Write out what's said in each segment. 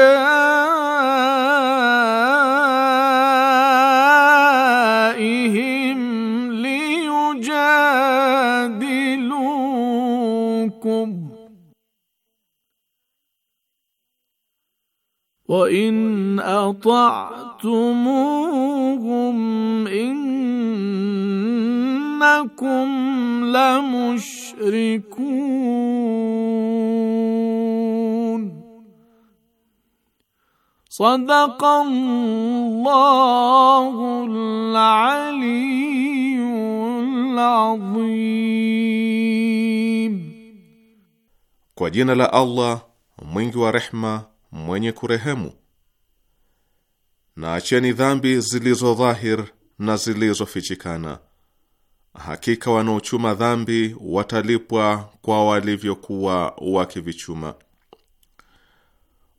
آبائهم ليجادلوكم وإن أطعتموهم إنكم لمشركون Sadaqallahul aliyyul adhim. Kwa jina la Allah mwingi wa rehma mwenye kurehemu. naacheni dhambi zilizo dhahir na zilizofichikana. Hakika wanaochuma dhambi watalipwa kwa walivyokuwa wakivichuma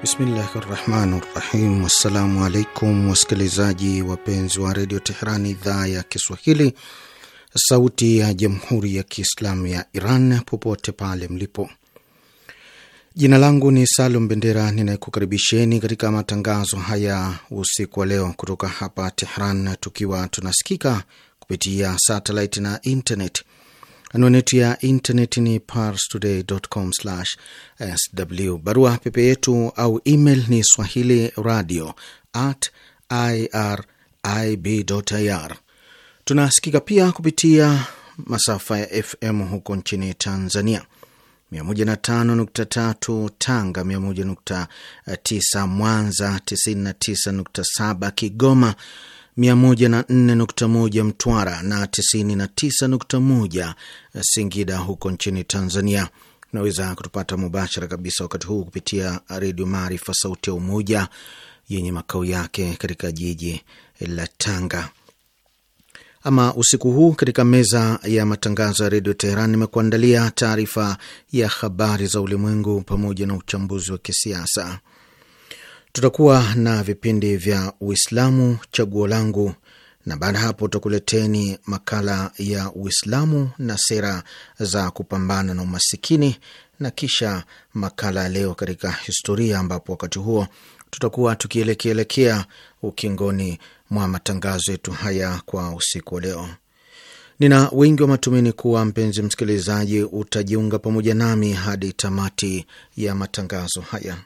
Bismillahi rahmani rahim. Wassalamu alaikum wasikilizaji wapenzi wa redio Teheran, idhaa ya Kiswahili, sauti ya jamhuri ya kiislamu ya Iran, popote pale mlipo. Jina langu ni Salum Bendera, ninayekukaribisheni katika matangazo haya usiku wa leo kutoka hapa Tehran, tukiwa tunasikika kupitia satelit na internet. Anwani ya intaneti ni parstoday.com/sw. Barua pepe yetu au email ni swahili radio at irib.ir. Tunasikika pia kupitia masafa ya FM huko nchini Tanzania, 105.3 Tanga, 101.9 Mwanza, 99.7 Kigoma 104.1 Mtwara na 99.1 Singida huko nchini Tanzania. Unaweza kutupata mubashara kabisa wakati huu kupitia Redio Maarifa Sauti ya Umoja yenye makao yake katika jiji la Tanga. Ama usiku huu katika meza ya matangazo ya Redio Teheran imekuandalia taarifa ya habari za ulimwengu pamoja na uchambuzi wa kisiasa. Tutakuwa na vipindi vya Uislamu chaguo langu, na baada ya hapo tutakuleteni makala ya Uislamu na sera za kupambana na umasikini, na kisha makala ya leo katika historia, ambapo wakati huo tutakuwa tukielekeelekea ukingoni mwa matangazo yetu haya kwa usiku wa leo. Nina wingi wa matumaini kuwa mpenzi msikilizaji utajiunga pamoja nami hadi tamati ya matangazo haya.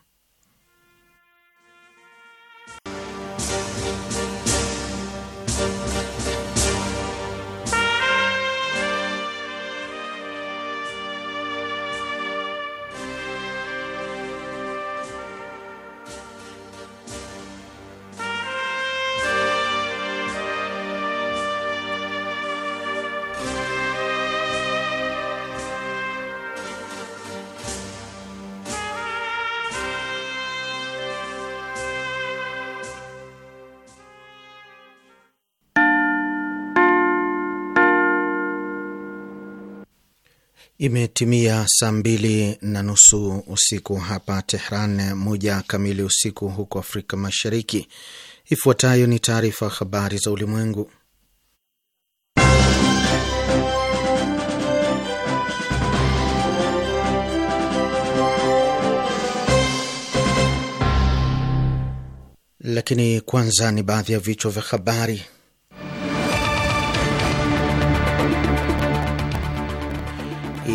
Imetimia saa mbili na nusu usiku hapa Tehran, moja kamili usiku huko Afrika Mashariki. Ifuatayo ni taarifa habari za ulimwengu, lakini kwanza ni baadhi ya vichwa vya habari.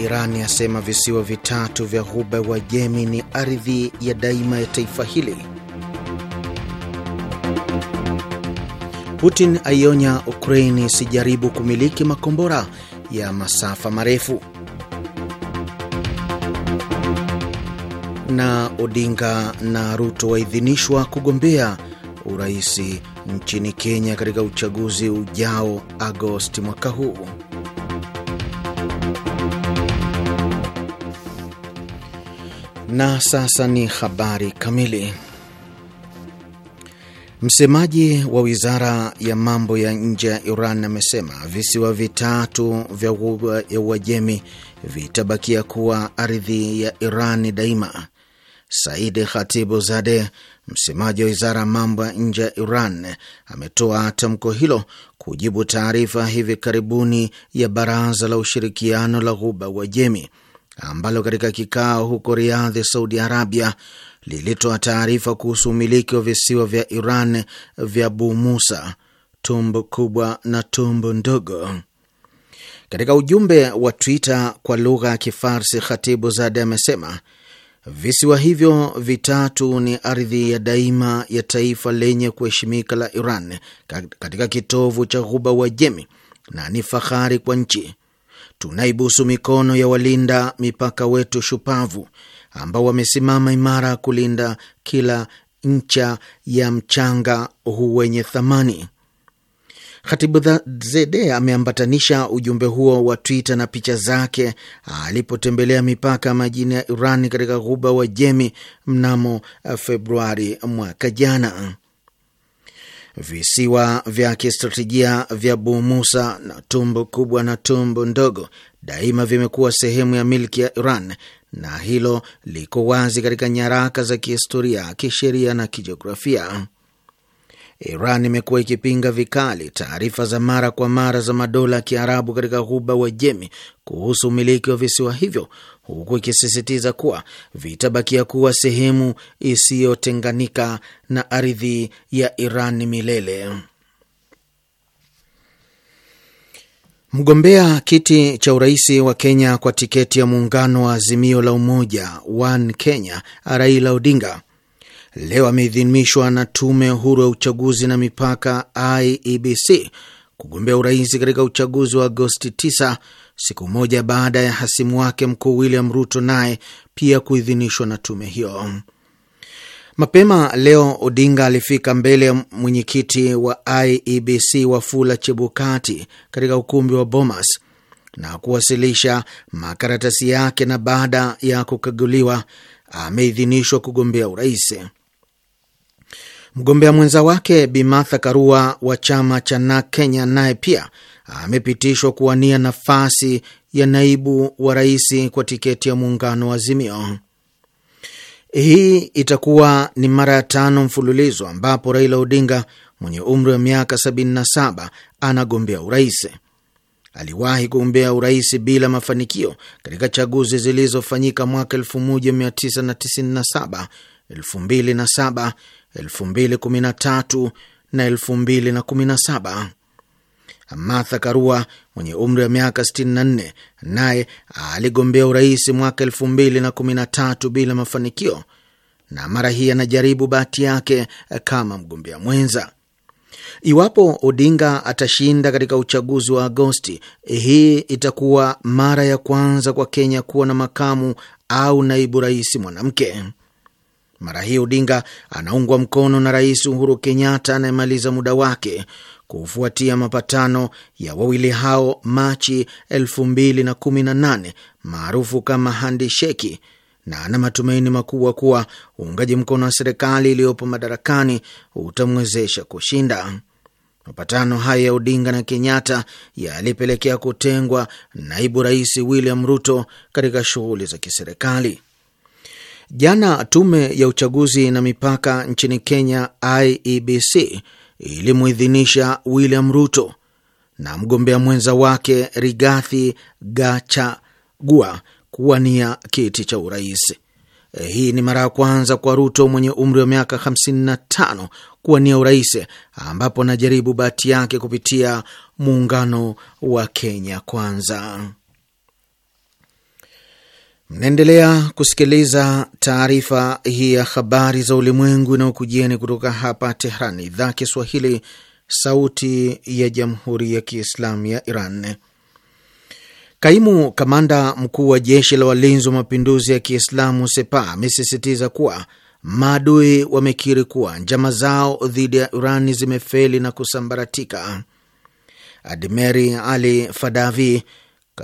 Iran asema visiwa vitatu vya ghuba jemi ni ardhi ya daima ya taifa hili. Putin aionya Ukraini isijaribu kumiliki makombora ya masafa marefu. Na Odinga na Ruto waidhinishwa kugombea uraisi nchini Kenya katika uchaguzi ujao Agosti mwaka huu. Na sasa ni habari kamili. Msemaji wa wizara ya mambo ya nje ya Iran amesema visiwa vitatu vya Ghuba ya Uajemi vitabakia kuwa ardhi ya Iran daima. Saidi Khatibu Zade, msemaji wa wizara ya mambo ya nje ya Iran, ametoa tamko hilo kujibu taarifa hivi karibuni ya Baraza la Ushirikiano la Ghuba Uajemi ambalo katika kikao huko Riadhi, Saudi Arabia, lilitoa taarifa kuhusu umiliki wa visiwa vya Iran vya Bu Musa, Tumbu Kubwa na Tumbu Ndogo. Katika ujumbe wa Twitter kwa lugha ya Kifarsi, Khatibu Zade amesema visiwa hivyo vitatu ni ardhi ya daima ya taifa lenye kuheshimika la Iran katika kitovu cha Ghuba jemi na ni fahari kwa nchi tunaibusu mikono ya walinda mipaka wetu shupavu ambao wamesimama imara kulinda kila ncha ya mchanga huu wenye thamani. Khatibu Zede ameambatanisha ujumbe huo wa Twitter na picha zake alipotembelea mipaka majini ya Iran katika ghuba wa Jemi mnamo Februari mwaka jana. Visiwa vya kistratejia vya Bumusa na Tumbu kubwa na Tumbu ndogo daima vimekuwa sehemu ya milki ya Iran na hilo liko wazi katika nyaraka za kihistoria, kisheria na kijiografia. Iran imekuwa ikipinga vikali taarifa za mara kwa mara za madola ya Kiarabu katika ghuba jemi kuhusu umiliki wa visiwa hivyo, huku ikisisitiza kuwa vitabakia kuwa sehemu isiyotenganika na ardhi ya Iran milele. Mgombea kiti cha urais wa Kenya kwa tiketi ya muungano wa Azimio la Umoja One Kenya, Raila Odinga leo ameidhinishwa na Tume ya Huru ya Uchaguzi na Mipaka IEBC kugombea urais katika uchaguzi wa Agosti 9 siku moja baada ya hasimu wake mkuu William Ruto naye pia kuidhinishwa na tume hiyo. Mapema leo Odinga alifika mbele ya mwenyekiti wa IEBC Wafula Chebukati katika ukumbi wa Bomas na kuwasilisha makaratasi yake, na baada ya kukaguliwa ameidhinishwa kugombea urais. Mgombea mwenza wake Bi Martha Karua wa chama cha na Kenya naye pia amepitishwa kuwania nafasi ya naibu wa rais kwa tiketi ya muungano wa Azimio. Hii itakuwa ni mara ya tano mfululizo ambapo Raila Odinga mwenye umri wa miaka 77 anagombea urais. Aliwahi kugombea urais bila mafanikio katika chaguzi zilizofanyika mwaka 1997, 2007, 2013 na 2017. Martha Karua mwenye umri wa miaka 64 naye aligombea urais mwaka 2013 bila mafanikio, na mara hii anajaribu bahati yake kama mgombea mwenza. Iwapo Odinga atashinda katika uchaguzi wa Agosti, hii itakuwa mara ya kwanza kwa Kenya kuwa na makamu au naibu rais mwanamke. Mara hii Odinga anaungwa mkono na Rais Uhuru Kenyatta anayemaliza muda wake kufuatia mapatano ya wawili hao Machi 2018 maarufu kama handisheki, na ana matumaini makubwa kuwa uungaji mkono wa serikali iliyopo madarakani utamwezesha kushinda. Mapatano haya ya Odinga na Kenyatta yalipelekea kutengwa naibu rais William Ruto katika shughuli za kiserikali. Jana tume ya uchaguzi na mipaka nchini Kenya, IEBC, ilimuidhinisha William Ruto na mgombea mwenza wake Rigathi Gachagua kuwania kiti cha urais. Eh, hii ni mara ya kwanza kwa Ruto mwenye umri wa miaka 55 kuwania urais, ambapo anajaribu bahati yake kupitia muungano wa Kenya Kwanza. Mnaendelea kusikiliza taarifa hii ya habari za ulimwengu inayokujieni kutoka hapa Tehran, idhaa Kiswahili, sauti ya jamhuri ya kiislamu ya Iran. Kaimu kamanda mkuu wa jeshi la walinzi wa mapinduzi ya Kiislamu Sepa amesisitiza kuwa maadui wamekiri kuwa njama zao dhidi ya Irani zimefeli na kusambaratika. Admeri Ali Fadavi,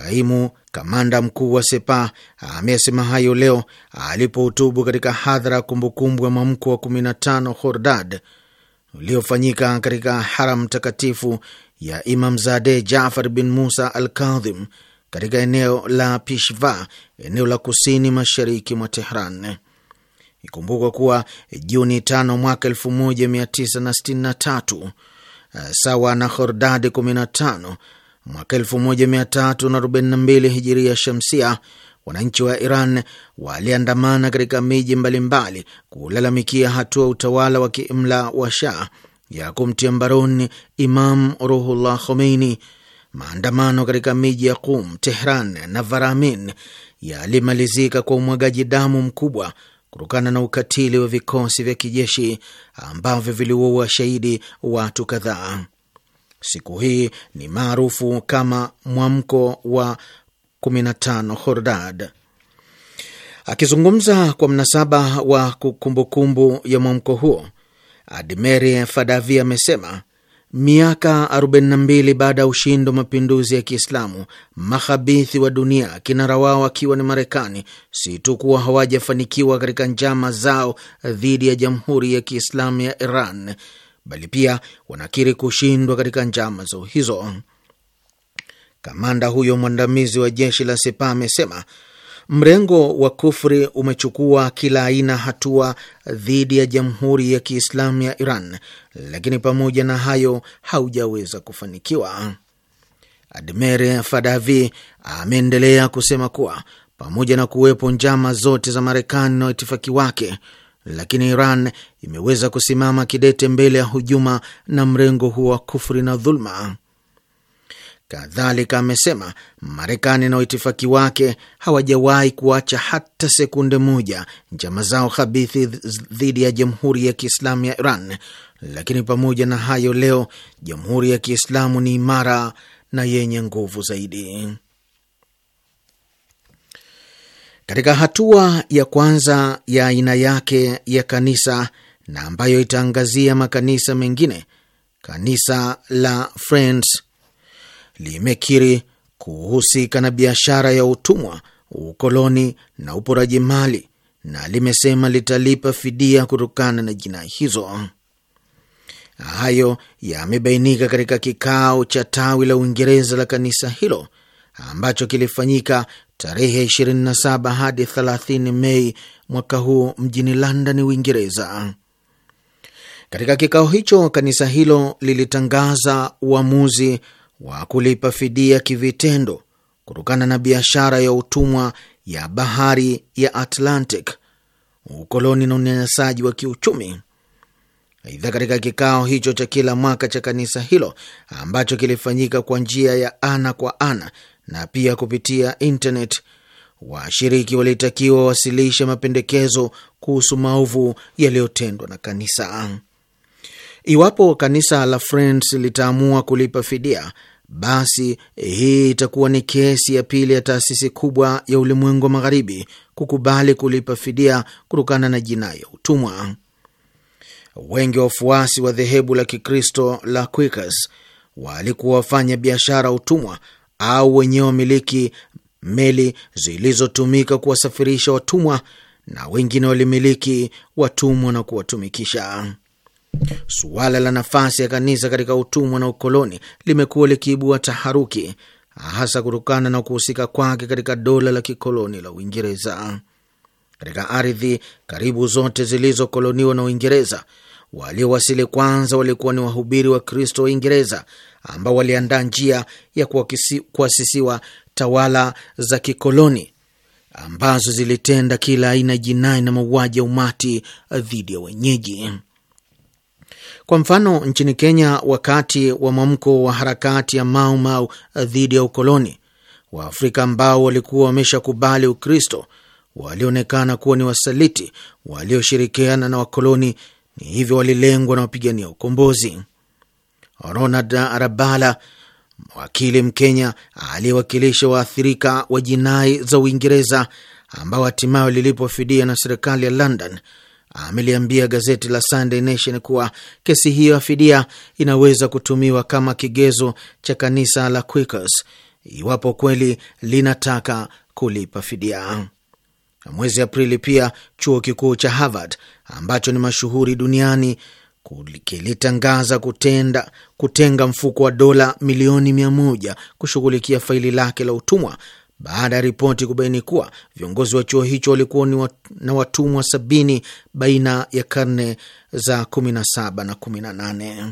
Kaimu kamanda mkuu wa Sepa amesema hayo leo alipohutubu katika hadhara ya kumbukumbu ya mwamko wa 15 Hordad uliofanyika katika haram takatifu ya imam zade Jafar bin Musa al Kadhim katika eneo la Pishva, eneo la kusini mashariki mwa Tehran. Ikumbukwa kuwa Juni 5 mwaka 1963 sawa na Hordad 15 mwaka 1342 hijiria shamsia, wananchi wa Iran waliandamana katika miji mbalimbali kulalamikia hatua utawala wa kiimla wa Shah ya kumtia mbaroni Imam Ruhullah Khomeini. Maandamano katika miji ya Qum, Tehran na Varamin yalimalizika kwa umwagaji damu mkubwa kutokana na ukatili wa vikosi vya kijeshi ambavyo viliua shahidi watu kadhaa. Siku hii ni maarufu kama mwamko wa 15 Hordad. Akizungumza kwa mnasaba wa kumbukumbu ya mwamko huo, Admeri Fadavi amesema miaka 42 baada ya ushindi wa mapinduzi ya Kiislamu, mahabithi wa dunia, kinara wao akiwa ni Marekani, si tu kuwa hawajafanikiwa katika njama zao dhidi ya Jamhuri ya Kiislamu ya Iran bali pia wanakiri kushindwa katika njama zao hizo. Kamanda huyo mwandamizi wa jeshi la Sepa amesema mrengo wa kufri umechukua kila aina hatua dhidi ya Jamhuri ya Kiislamu ya Iran, lakini pamoja na hayo haujaweza kufanikiwa. admer Fadavi ameendelea kusema kuwa pamoja na kuwepo njama zote za Marekani na waitifaki wake lakini Iran imeweza kusimama kidete mbele ya hujuma na mrengo huo wa kufri na dhulma. Kadhalika amesema Marekani na waitifaki wake hawajawahi kuacha hata sekunde moja njama zao khabithi dhidi ya Jamhuri ya Kiislamu ya Iran, lakini pamoja na hayo, leo Jamhuri ya Kiislamu ni imara na yenye nguvu zaidi. Katika hatua ya kwanza ya aina yake ya kanisa na ambayo itaangazia makanisa mengine, kanisa la Friends limekiri kuhusika na biashara ya utumwa, ukoloni na uporaji mali na limesema litalipa fidia kutokana na jinai hizo. Hayo yamebainika katika kikao cha tawi la Uingereza la kanisa hilo ambacho kilifanyika tarehe 27 hadi 30 Mei mwaka huu mjini London, Uingereza. Katika kikao hicho, kanisa hilo lilitangaza uamuzi wa kulipa fidia kivitendo kutokana na biashara ya utumwa ya bahari ya Atlantic, ukoloni na unyanyasaji wa kiuchumi. Aidha, katika kikao hicho cha kila mwaka cha kanisa hilo ambacho kilifanyika kwa njia ya ana kwa ana na pia kupitia internet. Washiriki walitakiwa wawasilishe mapendekezo kuhusu maovu yaliyotendwa na kanisa. Iwapo kanisa la Friends litaamua kulipa fidia, basi hii itakuwa ni kesi ya pili ya taasisi kubwa ya ulimwengu wa magharibi kukubali kulipa fidia kutokana na jinai ya utumwa. Wengi wa wafuasi wa dhehebu la Kikristo la Quakers walikuwa wafanya biashara utumwa au wenyewe wamiliki meli zilizotumika kuwasafirisha watumwa na wengine walimiliki watumwa na kuwatumikisha. Suala la nafasi ya kanisa katika utumwa na ukoloni limekuwa likiibua taharuki, hasa kutokana na kuhusika kwake katika dola la kikoloni la Uingereza. Katika ardhi karibu zote zilizokoloniwa na Uingereza, Waliowasili kwanza walikuwa ni wahubiri wa Kristo wa Uingereza ambao waliandaa njia ya kuasisiwa tawala za kikoloni ambazo zilitenda kila aina jinai na mauaji ya umati dhidi ya wenyeji. Kwa mfano, nchini Kenya, wakati wa mwamko wa harakati ya Mau Mau dhidi ya ukoloni, Waafrika ambao walikuwa wameshakubali Ukristo walionekana kuwa ni wasaliti walioshirikiana na wakoloni ni hivyo walilengwa na wapigania ukombozi. Ronald Arabala, wakili Mkenya aliyewakilisha waathirika wa jinai za Uingereza ambao hatimaye walilipwa fidia na serikali ya London, ameliambia gazeti la Sunday Nation kuwa kesi hiyo ya fidia inaweza kutumiwa kama kigezo cha kanisa la Quakers iwapo kweli linataka kulipa fidia. Na mwezi Aprili pia chuo kikuu cha Harvard ambacho ni mashuhuri duniani kilitangaza kutenda kutenga mfuko wa dola milioni mia moja kushughulikia faili lake la utumwa baada ya ripoti kubaini kuwa viongozi wa chuo hicho walikuwa ni wat, na watumwa sabini baina ya karne za 17 na 18.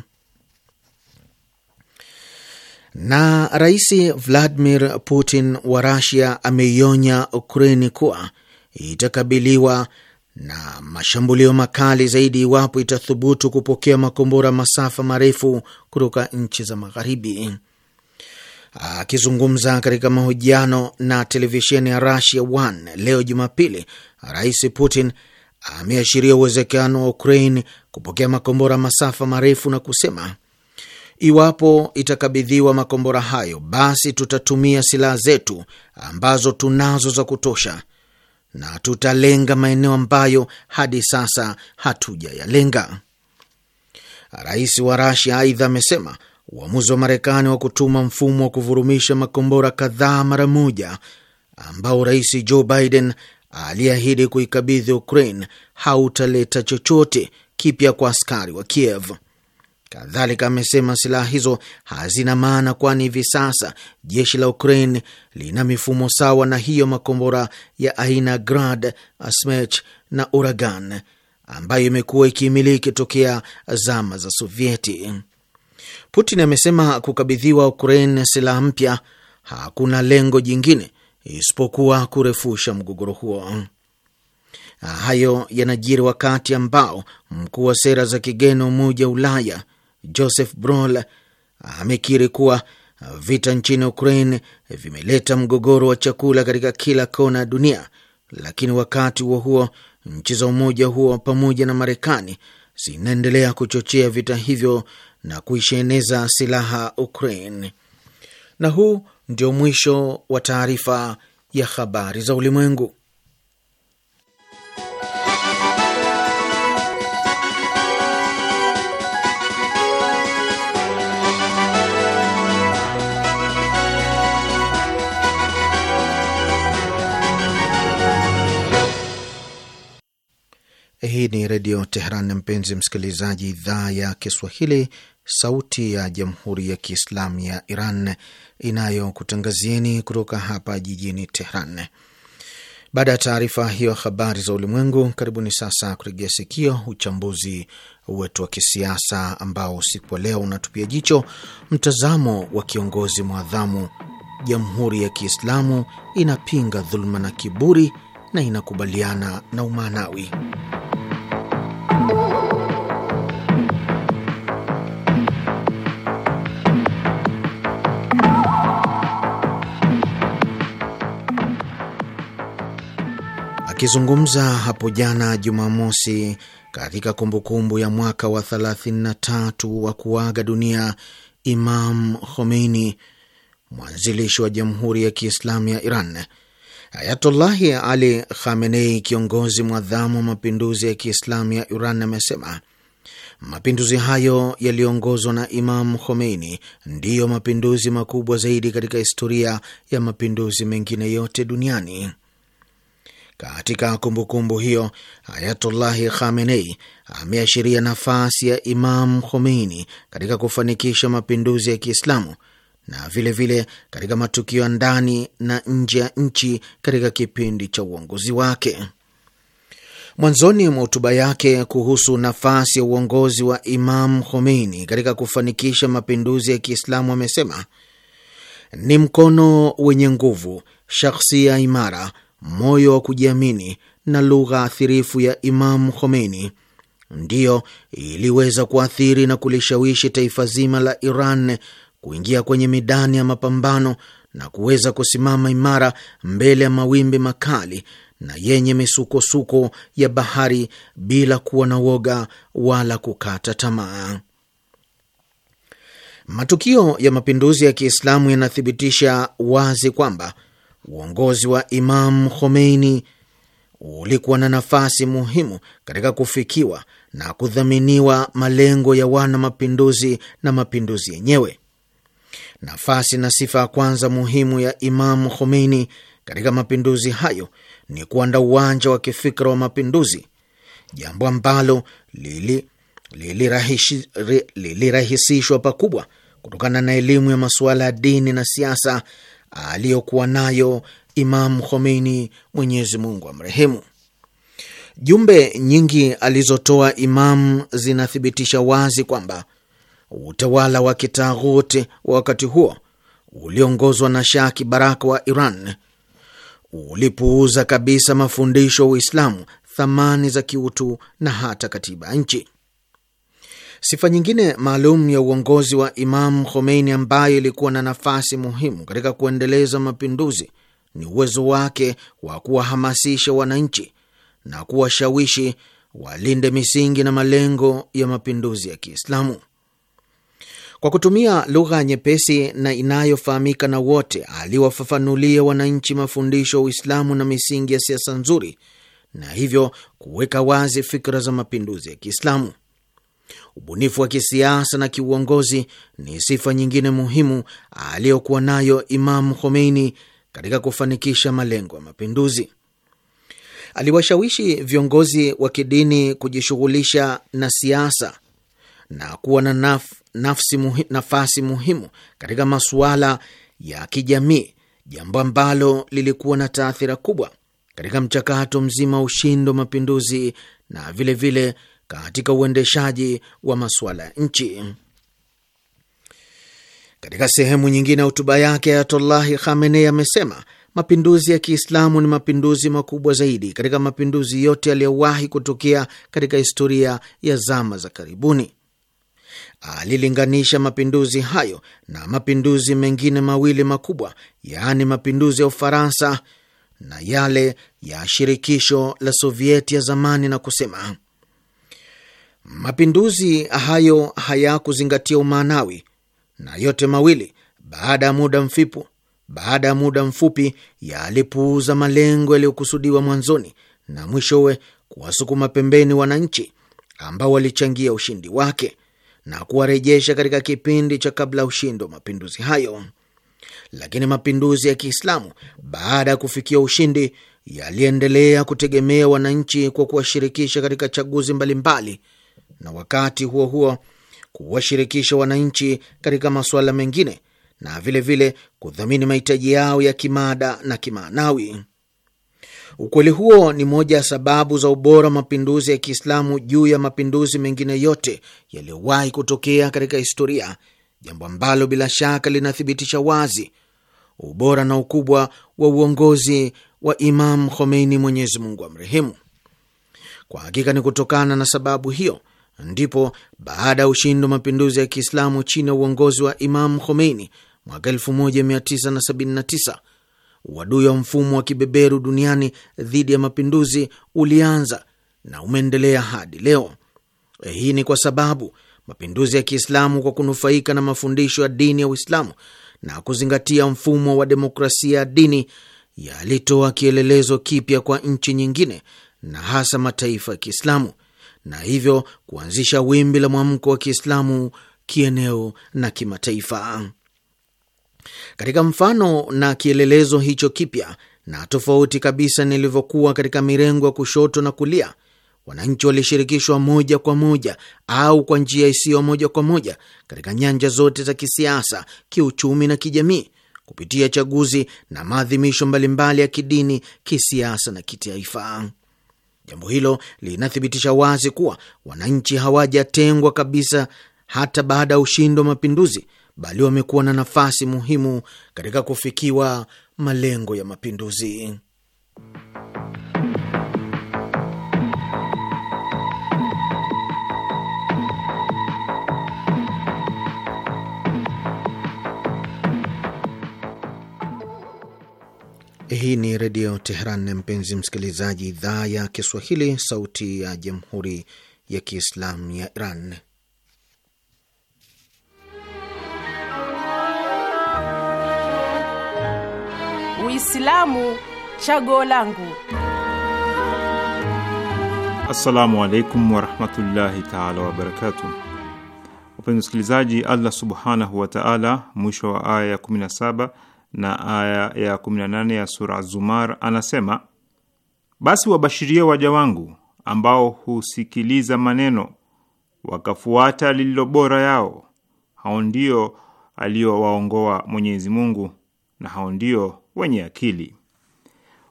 Na Rais Vladimir Putin wa Rasia ameionya Ukraini kuwa itakabiliwa na mashambulio makali zaidi iwapo itathubutu kupokea makombora masafa marefu kutoka nchi za Magharibi. Akizungumza katika mahojiano na televisheni ya Russia One leo Jumapili, Rais Putin ameashiria uwezekano wa Ukraine kupokea makombora masafa marefu na kusema, iwapo itakabidhiwa makombora hayo, basi tutatumia silaha zetu ambazo tunazo za kutosha na tutalenga maeneo ambayo hadi sasa hatujayalenga. Rais wa Rasia aidha amesema uamuzi wa Marekani wa kutuma mfumo wa kuvurumisha makombora kadhaa mara moja ambao Rais Joe Biden aliahidi kuikabidhi Ukraine hautaleta chochote kipya kwa askari wa Kiev. Kadhalika amesema silaha hizo hazina maana, kwani hivi sasa jeshi la Ukraine lina mifumo sawa na hiyo makombora ya aina Grad, Smerch na Uragan ambayo imekuwa ikimiliki tokea zama za Sovieti. Putin amesema kukabidhiwa Ukraine silaha mpya hakuna lengo jingine isipokuwa kurefusha mgogoro huo. Hayo yanajiri wakati ambao mkuu wa sera za kigeni Umoja wa Ulaya Joseph brol amekiri kuwa vita nchini Ukraine vimeleta mgogoro wa chakula katika kila kona ya dunia, lakini wakati huo huo nchi za umoja huo pamoja na Marekani zinaendelea kuchochea vita hivyo na kuisheneza silaha Ukraine. Na huu ndio mwisho wa taarifa ya habari za ulimwengu. Hii ni Redio Teheran mpenzi msikilizaji, idhaa ya Kiswahili, sauti ya Jamhuri ya Kiislamu ya Iran inayokutangazieni kutoka hapa jijini Teheran. Baada ya taarifa hiyo habari za ulimwengu, karibuni sasa kuregea sikio uchambuzi wetu wa kisiasa ambao usiku wa leo unatupia jicho mtazamo wa kiongozi mwadhamu: Jamhuri ya Kiislamu inapinga dhuluma na kiburi na inakubaliana na umaanawi. Akizungumza hapo jana Jumamosi katika kumbukumbu ya mwaka wa 33 wa kuaga dunia Imam Khomeini, mwanzilishi wa Jamhuri ya Kiislamu ya Iran, Ayatullahi Ali Khamenei, kiongozi mwadhamu wa mapinduzi ya Kiislamu ya Iran, amesema mapinduzi hayo yaliyoongozwa na Imam Khomeini ndiyo mapinduzi makubwa zaidi katika historia ya mapinduzi mengine yote duniani. Katika kumbukumbu hiyo, Ayatullahi Khamenei ameashiria nafasi ya Imam Khomeini katika kufanikisha mapinduzi ya Kiislamu na vilevile vile katika matukio ya ndani na nje ya nchi katika kipindi cha uongozi wake. Mwanzoni mwa hotuba yake kuhusu nafasi ya uongozi wa Imam Khomeini katika kufanikisha mapinduzi ya Kiislamu amesema ni mkono wenye nguvu, shakhsia imara moyo wa kujiamini na lugha athirifu ya Imamu Khomeini ndiyo iliweza kuathiri na kulishawishi taifa zima la Iran kuingia kwenye midani ya mapambano na kuweza kusimama imara mbele ya mawimbi makali na yenye misukosuko ya bahari bila kuwa na woga wala kukata tamaa. Matukio ya mapinduzi ya Kiislamu yanathibitisha wazi kwamba uongozi wa Imam Khomeini ulikuwa na nafasi muhimu katika kufikiwa na kudhaminiwa malengo ya wana mapinduzi na mapinduzi yenyewe. Nafasi na sifa ya kwanza muhimu ya Imam Khomeini katika mapinduzi hayo ni kuanda uwanja wa kifikra wa mapinduzi, jambo ambalo lilirahisishwa pakubwa kutokana na elimu ya masuala ya dini na siasa aliyokuwa nayo Imam Khomeini, Mwenyezi Mungu amrehemu. Jumbe nyingi alizotoa Imam zinathibitisha wazi kwamba utawala wa kitaghuti wa wakati huo uliongozwa na Shah kibaraka wa Iran ulipuuza kabisa mafundisho wa Uislamu, thamani za kiutu na hata katiba ya nchi. Sifa nyingine maalum ya uongozi wa Imam Khomeini ambaye ilikuwa na nafasi muhimu katika kuendeleza mapinduzi ni uwezo wake wa kuwahamasisha wananchi na kuwashawishi walinde misingi na malengo ya mapinduzi ya Kiislamu. Kwa kutumia lugha nyepesi na inayofahamika na wote, aliwafafanulia wananchi mafundisho ya Uislamu na misingi ya siasa nzuri, na hivyo kuweka wazi fikra za mapinduzi ya Kiislamu. Ubunifu wa kisiasa na kiuongozi ni sifa nyingine muhimu aliyokuwa nayo imam Khomeini katika kufanikisha malengo ya mapinduzi. Aliwashawishi viongozi wa kidini kujishughulisha na siasa na kuwa na naf, nafsi muhi, nafasi muhimu katika masuala ya kijamii, jambo ambalo lilikuwa na taathira kubwa katika mchakato mzima wa ushindi wa mapinduzi na vilevile vile katika uendeshaji wa masuala ya nchi. Katika sehemu nyingine ya hotuba yake, Ayatollahi Khamenei amesema mapinduzi ya Kiislamu ni mapinduzi makubwa zaidi katika mapinduzi yote yaliyowahi kutokea katika historia ya zama za karibuni. Alilinganisha mapinduzi hayo na mapinduzi mengine mawili makubwa, yaani mapinduzi ya Ufaransa na yale ya shirikisho la Sovieti ya zamani na kusema Mapinduzi hayo hayakuzingatia umaanawi, na yote mawili baada ya muda mfipu baada ya muda mfupi yalipuuza malengo yaliyokusudiwa mwanzoni na mwishowe kuwasukuma pembeni wananchi ambao walichangia ushindi wake na kuwarejesha katika kipindi cha kabla ya ushindi wa mapinduzi hayo. Lakini mapinduzi ya Kiislamu baada ya kufikia ushindi yaliendelea kutegemea wananchi kwa kuwashirikisha katika chaguzi mbalimbali mbali, na wakati huo huo kuwashirikisha wananchi katika masuala mengine na vilevile vile kudhamini mahitaji yao ya kimada na kimaanawi. Ukweli huo ni moja ya sababu za ubora wa mapinduzi ya Kiislamu juu ya mapinduzi mengine yote yaliyowahi kutokea katika historia, jambo ambalo bila shaka linathibitisha wazi ubora na ukubwa wa uongozi wa Imam Khomeini, Mwenyezi Mungu amrehemu. Kwa hakika ni kutokana na sababu hiyo ndipo baada ya ushindi wa mapinduzi ya Kiislamu chini ya uongozi wa Imam Khomeini mwaka 1979 uadui wa mfumo wa kibeberu duniani dhidi ya mapinduzi ulianza na umeendelea hadi leo. Hii ni kwa sababu mapinduzi ya Kiislamu, kwa kunufaika na mafundisho ya dini ya Uislamu na kuzingatia mfumo wa demokrasia ya dini, yalitoa kielelezo kipya kwa nchi nyingine na hasa mataifa ya Kiislamu na hivyo kuanzisha wimbi la mwamko wa Kiislamu kieneo na kimataifa. Katika mfano na kielelezo hicho kipya na tofauti kabisa nilivyokuwa katika mirengo ya kushoto na kulia, wananchi walishirikishwa moja kwa moja au kwa njia isiyo moja kwa moja katika nyanja zote za kisiasa, kiuchumi na kijamii kupitia chaguzi na maadhimisho mbalimbali ya kidini, kisiasa na kitaifa. Jambo hilo linathibitisha wazi kuwa wananchi hawajatengwa kabisa hata baada ya ushindi wa mapinduzi, bali wamekuwa na nafasi muhimu katika kufikiwa malengo ya mapinduzi. Hii ni Redio Teheran, mpenzi msikilizaji, idhaa ya Kiswahili, sauti ya jamhuri ya Kiislamu ya Iran. Uislamu chaguo langu. Assalamu alaikum warahmatullahi taala wabarakatu. Wapenzi msikilizaji, Allah subhanahu wataala mwisho wa aya ya 17 na aya ya 18 ya sura Zumar anasema, basi wabashirie waja wangu ambao husikiliza maneno wakafuata lililo bora yao, hao ndio aliowaongoa Mwenyezi Mungu na hao ndio wenye akili.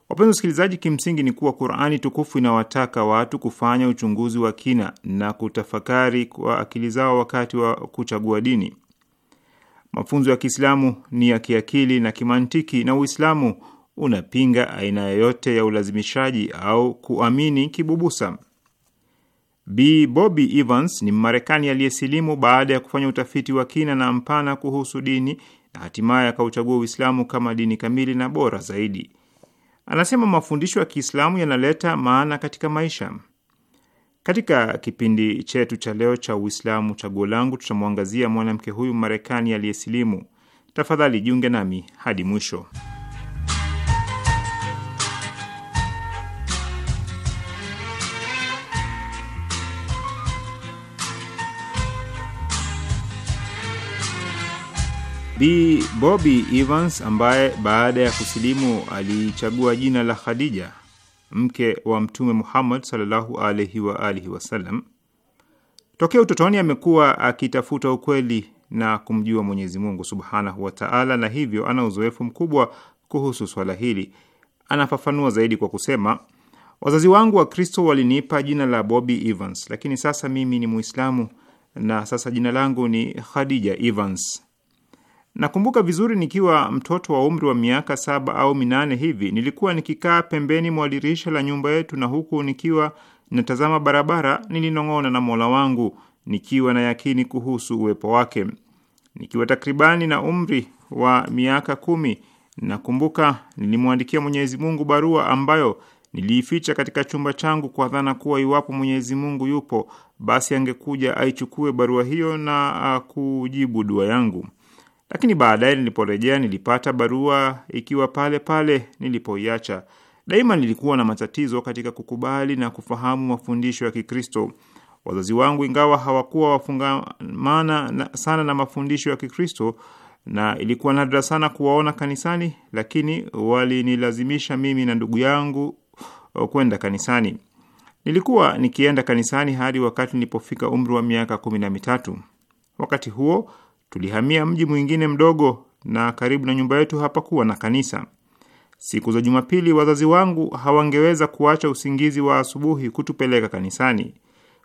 Wapenzi wasikilizaji, kimsingi ni kuwa Qur'ani tukufu inawataka watu kufanya uchunguzi wa kina na kutafakari kwa akili zao wakati wa kuchagua dini. Mafunzo ya Kiislamu ni ya kiakili na kimantiki, na Uislamu unapinga aina yoyote ya ulazimishaji au kuamini kibubusa. B Bobby Evans ni Mmarekani aliyesilimu baada ya kufanya utafiti wa kina na mpana kuhusu dini na hatimaye akauchagua Uislamu kama dini kamili na bora zaidi. Anasema mafundisho ya Kiislamu yanaleta maana katika maisha. Katika kipindi chetu cha leo cha Uislamu Chaguo Langu, tutamwangazia mwanamke huyu Marekani aliyesilimu. Tafadhali jiunge nami hadi mwisho. Bi Bobby Evans ambaye baada ya kusilimu alichagua jina la Khadija mke wa Mtume Muhammad sallallahu alaihi wa alihi wasallam. Tokea utotoni amekuwa akitafuta ukweli na kumjua Mwenyezi Mungu subhanahu wa taala, na hivyo ana uzoefu mkubwa kuhusu swala hili. Anafafanua zaidi kwa kusema, wazazi wangu wa Kristo walinipa jina la Bobby Evans, lakini sasa mimi ni Muislamu na sasa jina langu ni Khadija Evans. Nakumbuka vizuri nikiwa mtoto wa umri wa miaka saba au minane hivi, nilikuwa nikikaa pembeni mwa dirisha la nyumba yetu, na huku nikiwa natazama barabara, nilinong'ona na Mola wangu nikiwa na yakini kuhusu uwepo wake. Nikiwa takribani na umri wa miaka kumi, nakumbuka nilimwandikia Mwenyezi Mungu barua ambayo niliificha katika chumba changu kwa dhana kuwa iwapo Mwenyezi Mungu yupo, basi angekuja aichukue barua hiyo na kujibu dua yangu lakini baadaye niliporejea nilipata barua ikiwa pale pale nilipoiacha. Daima nilikuwa na matatizo katika kukubali na kufahamu mafundisho ya Kikristo. Wazazi wangu, ingawa hawakuwa wafungamana sana na mafundisho ya Kikristo na ilikuwa nadra sana kuwaona kanisani, lakini walinilazimisha mimi na ndugu yangu uh, kwenda kanisani. Nilikuwa nikienda kanisani hadi wakati nilipofika umri wa miaka kumi na mitatu. Wakati huo Tulihamia mji mwingine mdogo na karibu na nyumba yetu hapakuwa na kanisa. Siku za Jumapili wazazi wangu hawangeweza kuacha usingizi wa asubuhi kutupeleka kanisani.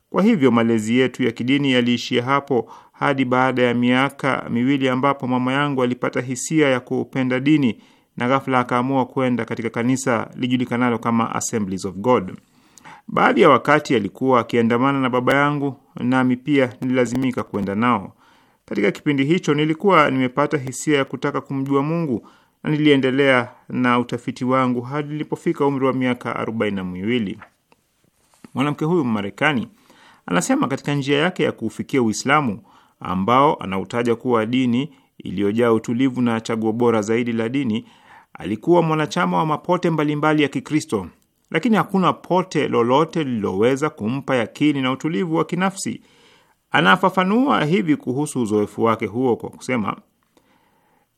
Kwa hivyo malezi yetu ya kidini yaliishia hapo hadi baada ya miaka miwili ambapo mama yangu alipata hisia ya kupenda dini na ghafla akaamua kwenda katika kanisa lijulikanalo kama Assemblies of God. Baadhi ya wakati alikuwa akiandamana na baba yangu, nami pia nililazimika kwenda nao. Katika kipindi hicho nilikuwa nimepata hisia ya kutaka kumjua Mungu na niliendelea na utafiti wangu hadi nilipofika umri wa miaka arobaini na miwili. Mwanamke huyu Mmarekani anasema katika njia yake ya kuufikia Uislamu ambao anautaja kuwa dini iliyojaa utulivu na chaguo bora zaidi la dini, alikuwa mwanachama wa mapote mbalimbali ya Kikristo, lakini hakuna pote lolote lililoweza kumpa yakini na utulivu wa kinafsi Anafafanua hivi kuhusu uzoefu wake huo kwa kusema,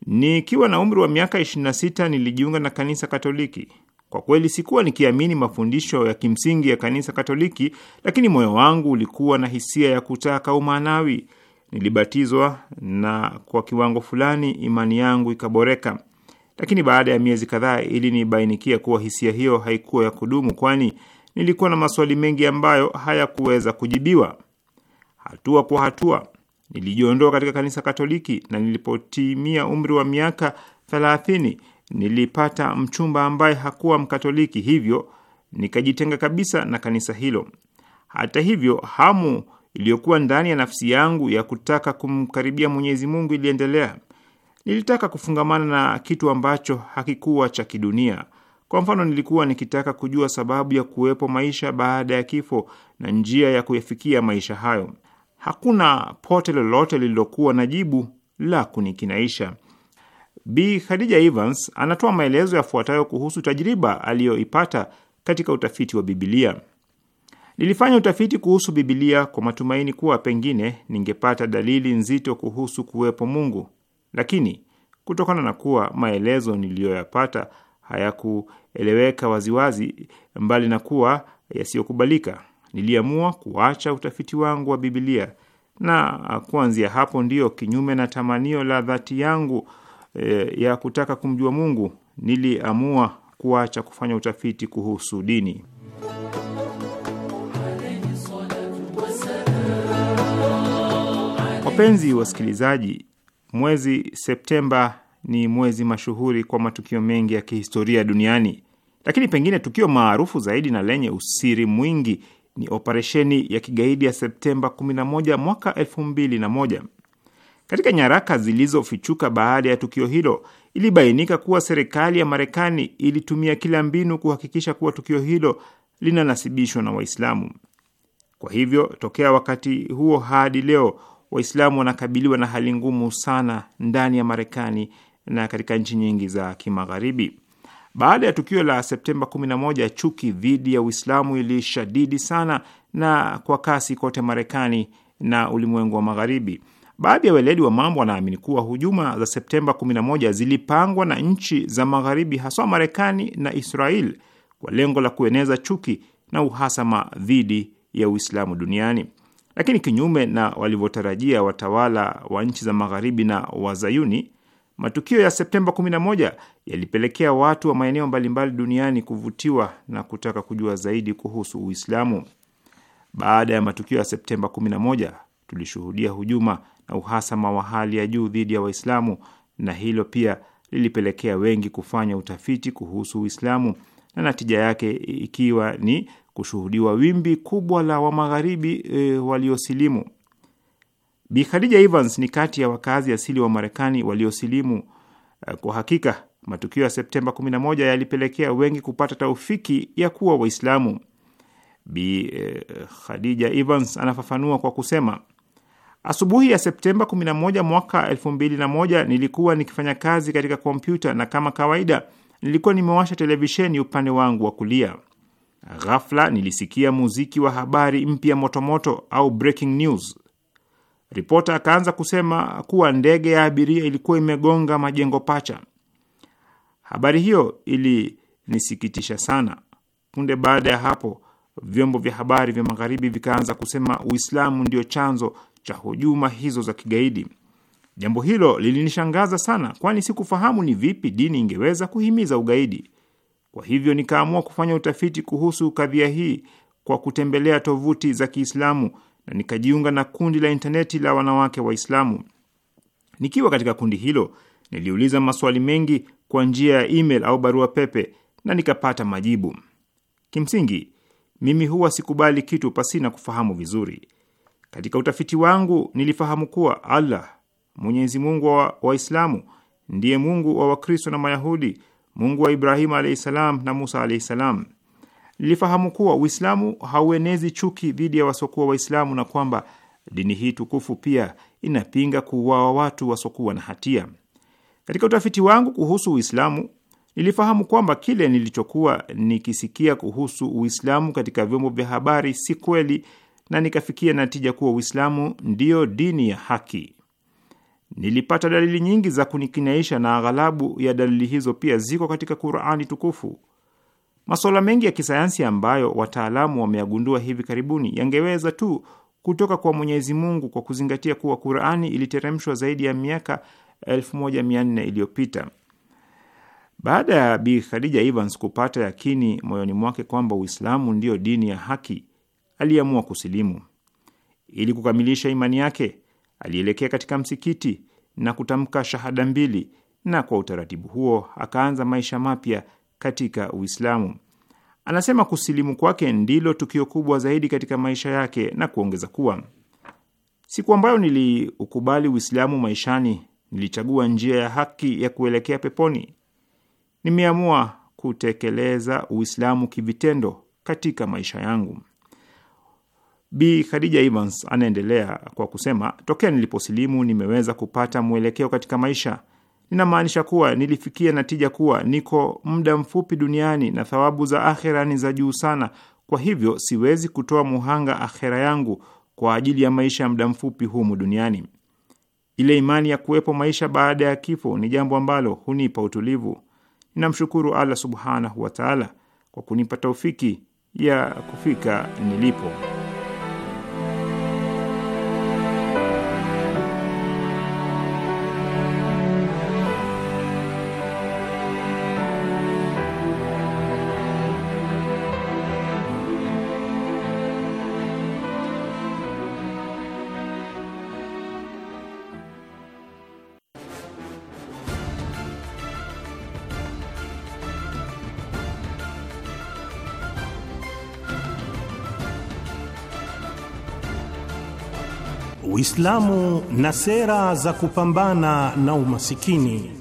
nikiwa na umri wa miaka 26 nilijiunga na kanisa Katoliki. Kwa kweli sikuwa nikiamini mafundisho ya kimsingi ya kanisa Katoliki, lakini moyo wangu ulikuwa na hisia ya kutaka umaanawi. Nilibatizwa na kwa kiwango fulani imani yangu ikaboreka, lakini baada ya miezi kadhaa ili nibainikia kuwa hisia hiyo haikuwa ya kudumu, kwani nilikuwa na maswali mengi ambayo hayakuweza kujibiwa. Hatua kwa hatua nilijiondoa katika kanisa Katoliki na nilipotimia umri wa miaka thelathini nilipata mchumba ambaye hakuwa Mkatoliki, hivyo nikajitenga kabisa na kanisa hilo. Hata hivyo, hamu iliyokuwa ndani ya nafsi yangu ya kutaka kumkaribia Mwenyezi Mungu iliendelea. Nilitaka kufungamana na kitu ambacho hakikuwa cha kidunia. Kwa mfano, nilikuwa nikitaka kujua sababu ya kuwepo maisha baada ya kifo na njia ya kuyafikia maisha hayo hakuna pote lolote lililokuwa na jibu la kunikinaisha. Bi Khadija Evans anatoa maelezo yafuatayo kuhusu tajriba aliyoipata katika utafiti wa Bibilia. Nilifanya utafiti kuhusu Bibilia kwa matumaini kuwa pengine ningepata dalili nzito kuhusu kuwepo Mungu, lakini kutokana na kuwa maelezo niliyoyapata hayakueleweka waziwazi, mbali na kuwa yasiyokubalika, niliamua kuacha utafiti wangu wa Bibilia na kuanzia hapo ndiyo, kinyume na tamanio la dhati yangu e, ya kutaka kumjua Mungu, niliamua kuacha kufanya utafiti kuhusu dini. Wapenzi wasikilizaji, mwezi Septemba ni mwezi mashuhuri kwa matukio mengi ya kihistoria duniani, lakini pengine tukio maarufu zaidi na lenye usiri mwingi ni operesheni ya kigaidi ya Septemba 11 mwaka 2001. Katika nyaraka zilizofichuka baada ya tukio hilo, ilibainika kuwa serikali ya Marekani ilitumia kila mbinu kuhakikisha kuwa tukio hilo linanasibishwa na Waislamu. Kwa hivyo, tokea wakati huo hadi leo Waislamu wanakabiliwa na hali ngumu sana ndani ya Marekani na katika nchi nyingi za Kimagharibi. Baada ya tukio la Septemba 11, chuki dhidi ya Uislamu ilishadidi sana na kwa kasi kote Marekani na ulimwengu wa Magharibi. Baadhi ya weledi wa mambo wanaamini kuwa hujuma za Septemba 11 zilipangwa na nchi za Magharibi, haswa Marekani na Israel kwa lengo la kueneza chuki na uhasama dhidi ya Uislamu duniani. Lakini kinyume na walivyotarajia watawala wa nchi za Magharibi na Wazayuni, Matukio ya Septemba 11 yalipelekea watu wa maeneo mbalimbali duniani kuvutiwa na kutaka kujua zaidi kuhusu Uislamu. Baada ya matukio ya Septemba 11, tulishuhudia hujuma na uhasama wa hali ya juu dhidi ya Waislamu, na hilo pia lilipelekea wengi kufanya utafiti kuhusu Uislamu, na natija yake ikiwa ni kushuhudiwa wimbi kubwa la Wamagharibi e, waliosilimu. Bi Khadija Evans ni kati ya wakazi asili wa Marekani waliosilimu. Eh, kwa hakika matukio ya Septemba 11 yalipelekea wengi kupata taufiki ya kuwa Waislamu. Bi eh, Khadija Evans anafafanua kwa kusema, asubuhi ya Septemba 11 mwaka 2001 nilikuwa nikifanya kazi katika kompyuta na kama kawaida nilikuwa nimewasha televisheni upande wangu wa kulia. Ghafla nilisikia muziki wa habari mpya motomoto au breaking news Ripota akaanza kusema kuwa ndege ya abiria ilikuwa imegonga majengo pacha. Habari hiyo ilinisikitisha sana. Punde baada ya hapo, vyombo vya habari vya magharibi vikaanza kusema Uislamu ndio chanzo cha hujuma hizo za kigaidi. Jambo hilo lilinishangaza sana, kwani sikufahamu ni vipi dini ingeweza kuhimiza ugaidi. Kwa hivyo nikaamua kufanya utafiti kuhusu kadhia hii kwa kutembelea tovuti za Kiislamu na nikajiunga na kundi la intaneti la wanawake Waislamu. Nikiwa katika kundi hilo, niliuliza maswali mengi kwa njia ya email au barua pepe na nikapata majibu. Kimsingi, mimi huwa sikubali kitu pasina kufahamu vizuri. Katika utafiti wangu nilifahamu kuwa Allah, Mwenyezi Mungu wa Waislamu, ndiye Mungu wa Wakristo na Mayahudi, Mungu wa Ibrahimu alahi salam na Musa alahi salam lilifahamu kuwa Uislamu hauenezi chuki dhidi ya wasokuwa Waislamu na kwamba dini hii tukufu pia inapinga kuuawa watu wasokuwa na hatia. Katika utafiti wangu kuhusu Uislamu nilifahamu kwamba kile nilichokuwa nikisikia kuhusu Uislamu katika vyombo vya habari si kweli, na nikafikia natija kuwa Uislamu ndiyo dini ya haki. Nilipata dalili nyingi za kunikinaisha na aghalabu ya dalili hizo pia ziko katika Qur'ani tukufu. Masuala mengi ya kisayansi ambayo wataalamu wameyagundua hivi karibuni yangeweza tu kutoka kwa Mwenyezi Mungu kwa kuzingatia kuwa Qur'ani iliteremshwa zaidi ya miaka 1400 iliyopita. Baada ya Bi Khadija Evans kupata yakini moyoni mwake kwamba Uislamu ndiyo dini ya haki, aliamua kusilimu. Ili kukamilisha imani yake, alielekea katika msikiti na kutamka shahada mbili, na kwa utaratibu huo akaanza maisha mapya katika Uislamu. Anasema kusilimu kwake ndilo tukio kubwa zaidi katika maisha yake na kuongeza kuwa siku ambayo niliukubali Uislamu maishani, nilichagua njia ya haki ya kuelekea peponi. Nimeamua kutekeleza Uislamu kivitendo katika maisha yangu. Bi Khadija Evans anaendelea kwa kusema, tokea niliposilimu nimeweza kupata mwelekeo katika maisha Ninamaanisha kuwa nilifikia natija kuwa niko muda mfupi duniani na thawabu za akhera ni za juu sana. Kwa hivyo siwezi kutoa muhanga akhera yangu kwa ajili ya maisha ya muda mfupi humu duniani. Ile imani ya kuwepo maisha baada ya kifo ni jambo ambalo hunipa utulivu. Ninamshukuru Allah subhanahu wataala kwa kunipa taufiki ya kufika nilipo. Uislamu na sera za kupambana na umasikini.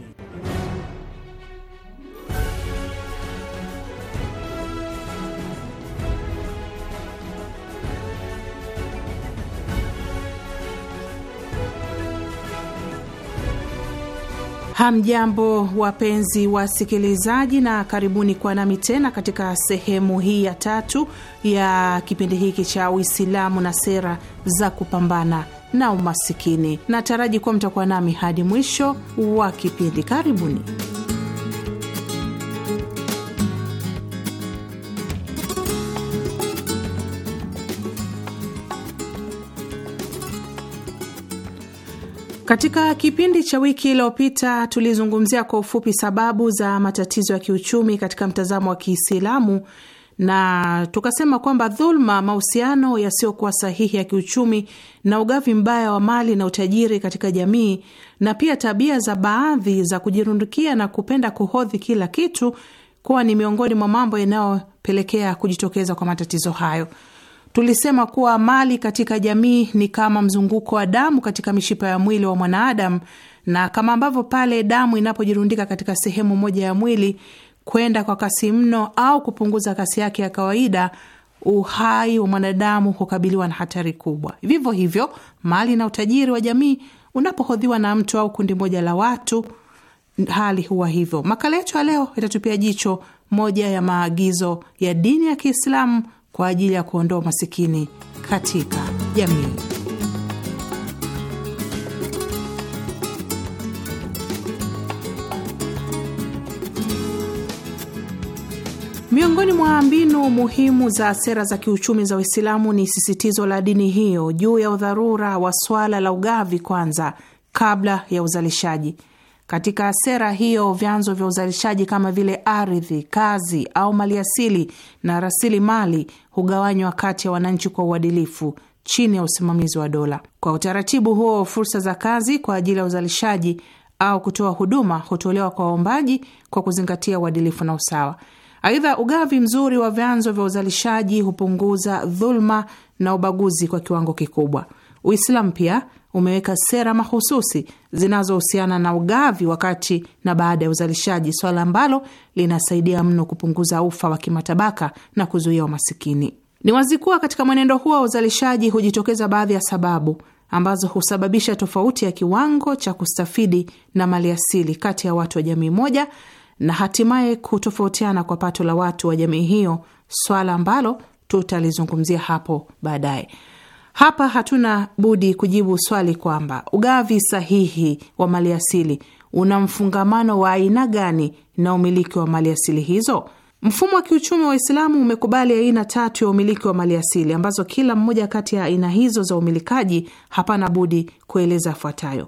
Hamjambo, wapenzi wasikilizaji, na karibuni kwa nami tena katika sehemu hii ya tatu ya kipindi hiki cha Uislamu na sera za kupambana na umasikini. Nataraji kuwa mtakuwa nami hadi mwisho wa kipindi. Karibuni. Katika kipindi cha wiki iliyopita tulizungumzia kwa ufupi sababu za matatizo ya kiuchumi katika mtazamo wa Kiislamu na tukasema kwamba dhuluma, mahusiano yasiyokuwa sahihi ya kiuchumi na ugavi mbaya wa mali na utajiri katika jamii, na pia tabia za baadhi za kujirundukia na kupenda kuhodhi kila kitu, kuwa ni miongoni mwa mambo yanayopelekea kujitokeza kwa matatizo hayo. Tulisema kuwa mali katika jamii ni kama mzunguko wa damu katika mishipa ya mwili wa mwanadamu, na kama ambavyo pale damu inapojirundika katika sehemu moja ya mwili kwenda kwa kasi mno au kupunguza kasi yake ya kawaida, uhai wa mwanadamu hukabiliwa na hatari kubwa. Vivyo hivyo, mali na utajiri wa jamii unapohodhiwa na mtu au kundi moja la watu, hali huwa hivyo. Makala yetu ya leo itatupia jicho moja ya maagizo ya dini ya Kiislamu kwa ajili ya kuondoa umasikini katika jamii. Miongoni mwa mbinu muhimu za sera za kiuchumi za Uislamu ni sisitizo la dini hiyo juu ya udharura wa swala la ugavi kwanza kabla ya uzalishaji. Katika sera hiyo, vyanzo vya uzalishaji kama vile ardhi, kazi au maliasili na rasilimali hugawanywa kati ya wananchi kwa uadilifu chini ya usimamizi wa dola. Kwa utaratibu huo, fursa za kazi kwa ajili ya uzalishaji au kutoa huduma hutolewa kwa waombaji kwa kuzingatia uadilifu na usawa. Aidha, ugavi mzuri wa vyanzo vya uzalishaji hupunguza dhuluma na ubaguzi kwa kiwango kikubwa. Uislamu pia umeweka sera mahususi zinazohusiana na ugavi wakati na baada ya uzalishaji, swala ambalo linasaidia mno kupunguza ufa wa kimatabaka na kuzuia umasikini. Ni wazi kuwa katika mwenendo huo wa uzalishaji hujitokeza baadhi ya sababu ambazo husababisha tofauti ya kiwango cha kustafidi na maliasili kati ya watu wa jamii moja na hatimaye kutofautiana kwa pato la watu wa jamii hiyo, swala ambalo tutalizungumzia hapo baadaye. Hapa hatuna budi kujibu swali kwamba ugavi sahihi wa maliasili una mfungamano wa aina gani na umiliki wa maliasili hizo? Mfumo wa kiuchumi wa Uislamu umekubali aina tatu ya umiliki wa maliasili ambazo kila mmoja kati ya aina hizo za umilikaji hapana budi kueleza yafuatayo.